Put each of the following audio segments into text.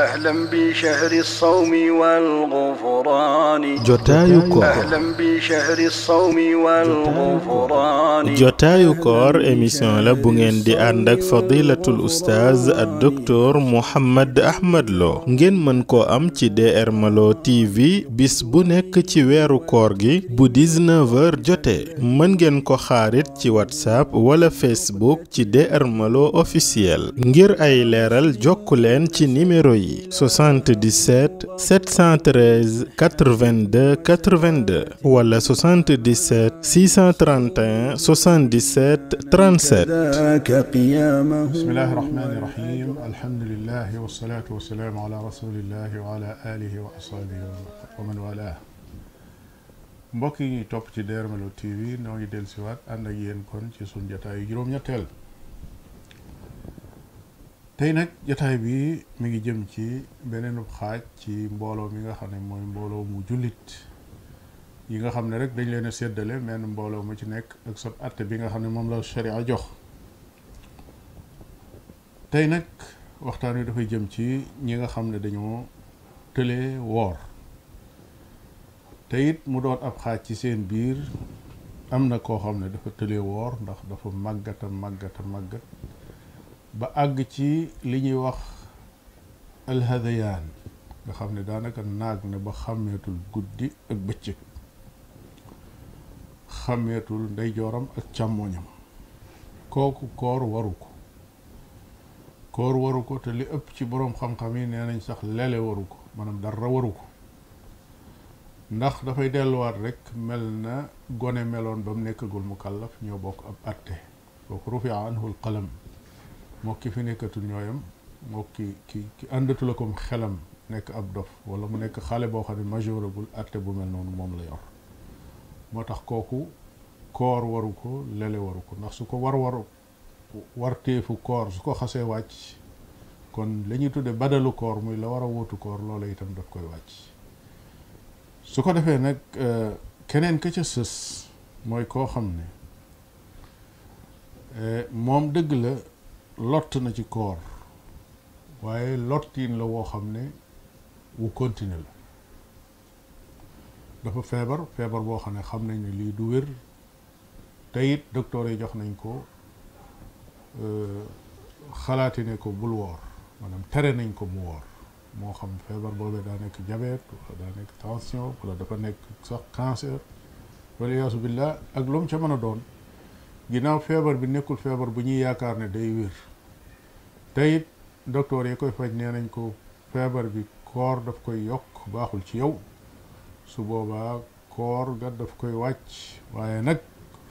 ahlan jotaayu koor ahlan émission la bu ngeen di ànd ak fadilatul ustaaz ak docteur Mouhammad Ahmad ngeen mën ko am ci DR Malo TV bis bu nekk ci weeru koor gi bu 19h jotee mën ngeen ko xaarit ci whatsapp wala facebook ci DR Malo officiel ngir ay leeral jokku leen ci nimero yi yi 77 713 82 82 wala 77 631 77 37. bismillahi rahmaani rahiim yi ñuy ci Dermelo TV noo ngi dellusiwaat ànd ak kon ci sunu jataayu juróom tey nag jataay bi mu ngi jëm ci beneen xaaj ci mbooloo mi nga xam ne mooy mbooloo mu jullit yi nga xam ne rek dañ leen seddale séddale menn mbooloo mu ci nekk ak sot atte bi nga xam ne moom la sharia jox tey nag waxtaan wi dafay jëm ci ñi nga xam ne dañoo tële woor te it mu doon ab xaaj ci seen biir am na koo xam ne dafa tële woor ndax dafa màggata màggata màggat ba àgg ci li ñuy wax alhadayaan nga xam ne daanaka naag na ba xàmmeetul guddi ak bëccëg xàmmeetul ndeyjooram ak càmmoñam kooku koor waru ko koor waru ko te li ëpp ci boroom xam-xam yi nee nañ sax lele waru ko maanaam dara waru ko ndax dafay delluwaat rek mel na gone meloon ba mu nekkagul mukallaf ñoo bokk ab atte kooku rufia anhu al qalam moo ki fi nekkatul ñooyam moo ki ki ki àndatul la comme xelam nekk ab dof wala mu nekk xale boo xam ne majeuragul atte bu mel noonu moom la yor moo tax kooku koor waru ko lele waru ko ndax su ko war war warteefu koor su ko xasee wàcc kon la ñuy tudde badalu koor muy la war a wóotu koor loola itam daf koy wàcc su ko defee nag euh, keneen ka ca sës mooy koo xam ne euh, moom dëgg la lott na ci koor waaye lottiin la woo xam ne wu continue la dafa feebar feebar boo xam ne xam nañ ne lii du wér te it docteur yi jox nañ ko euh, xalaati ne ko bul woor maanaam tere nañ ko mu woor moo xam feebar boobee daa nekk diabète wala daa nekk tension wala dafa nekk sax cancer wala yaasu billah ak lu ca mën a doon ginnaaw feebar bi nekkul feebar bu ñuy yaakaar ne day wér te it docteur koy faj nee nañ ko feebar bi koor daf koy yokk baaxul ci yow su boobaa koor ga daf koy wàcc waaye nag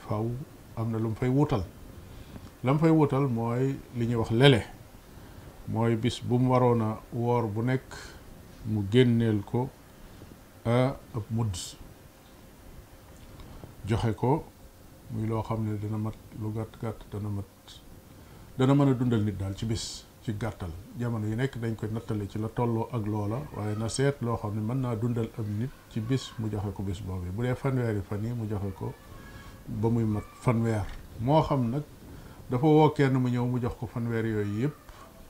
faw am na lu mu fay wutal la mu fay wutal mooy li ñuy wax lele mooy bis bu mu waroon a woor bu nekk mu génneel ko ah, ab mudd joxe ko muy loo xam ne dana mat lu gàtt gàtt dana mat dana mën a dundal nit daal ci bis ci gàttal jamono yi nekk dañ koy nattale ci la tolloo ak loola waaye na seet loo xam ne mën naa dundal ab nit ci bis mu joxe ko bis boobee bu dee fanweeri fan yi mu joxe ko ba muy mat fanweer moo xam nag dafa woo kenn mu ñëw mu jox ko fanweer yooyu yépp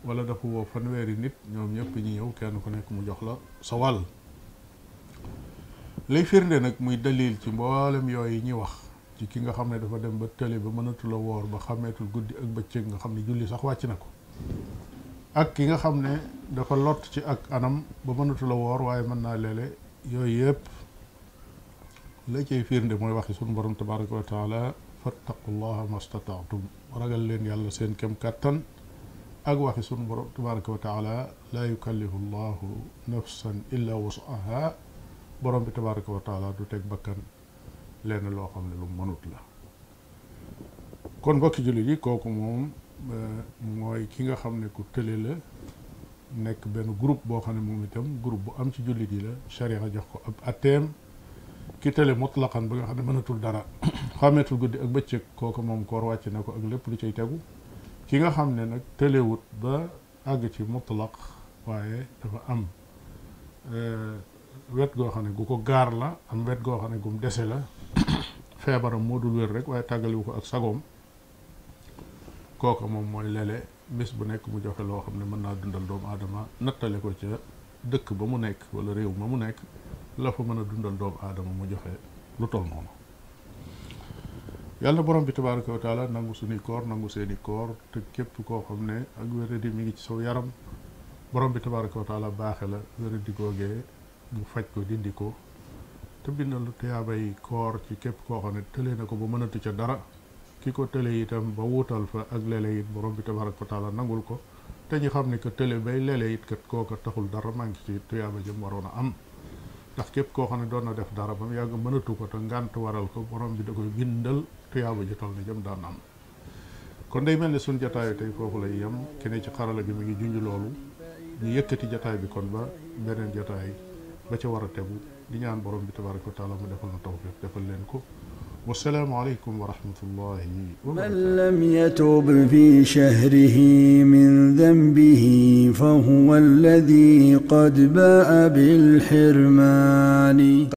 wala dafa woo fanweeri nit ñoom ñëpp ñi ñëw kenn ku nekk mu jox la sa lay firnde nag muy dalil ci mboolem yooyu ñi wax ci ki nga xam ne dafa dem ba tële ba mënatula woor ba xameetul guddi ak bëccëg nga xam ne julli sax wàcc na ko ak ki nga xam ne dafa lott ci ak anam ba mënatula woor waaye mën naa leele yooyu yëpp la cay firnde mooy waxi sunu borom tabaraka wa taala fattaqullaha mastataatum ragal leen yàlla seen kem kàttan ak waxi sunu borom tabaraka wa taala laa yukallifu llahu nafsan illa wusaha borom bi tabaraka wa taala du teg bakkan lenn loo xam ne lu mënut la kon mbokki jullit yi kooku moom euh, mooy ki nga xam ne ku tële la nekk benn groupe boo xam ne moom itam groupe bu am ci jullit yi la sharia jox ko ab atteem ki tële mutlaqan ba nga xam ne mënatul dara xàmmeetul guddi ak bëccëg kooku moom koor wàcc na ko ak lépp lu cay tegu ki nga xam ne nag tëlewut ba àgg ci mutlaq waaye dafa am euh, wet goo xam ne gu ko gaar la am wet goo xam ne gum dese la feebaram moo dul wér rek waaye tàggaliwu ko ak sagoom kooka moom mooy lele bis bu nekk mu joxe loo xam ne mën naa dundal doomu aadama nattale ko ca dëkk ba mu nekk wala réew ma mu nekk la fa mën a dundal doomu aadama mu joxe lu toll noonu yàlla borom bi tabaraka wa taala nangu suñuy koor nangu seeni koor te képp koo xam ne ak wéradi mi ngi ci saw yaram borom bi tabaraka wa baaxe la wéradi googee mu faj ko dindi ko te bindal tuyaabay koor ci képp koo xam ne tële na ko ba mënatu ca dara ki ko tële itam ba wuutal fa ak lele it borom bi tabaraka wa taala nangul ko te ñu xam ne que tële bay lele it kat kooka taxul dara maa ngi ci tuyaaba jëm waroon a am ndax képp koo xam ne doon na def dara ba mu yàgg mënatu ko te ngànt waral ko borom bi da koy bindal tuyaaba ji toll ni jëm daan am kon day mel ne suñ jataayu tey foofu lay yem ki ci xarala gi mi ngi junj loolu ñu yëkkati jataay bi kon ba beneen jataay والسلام عليكم ورحمة الله وبركاته من لم يتوب في شهره من ذنبه فهو الذي قد باء بالحرمان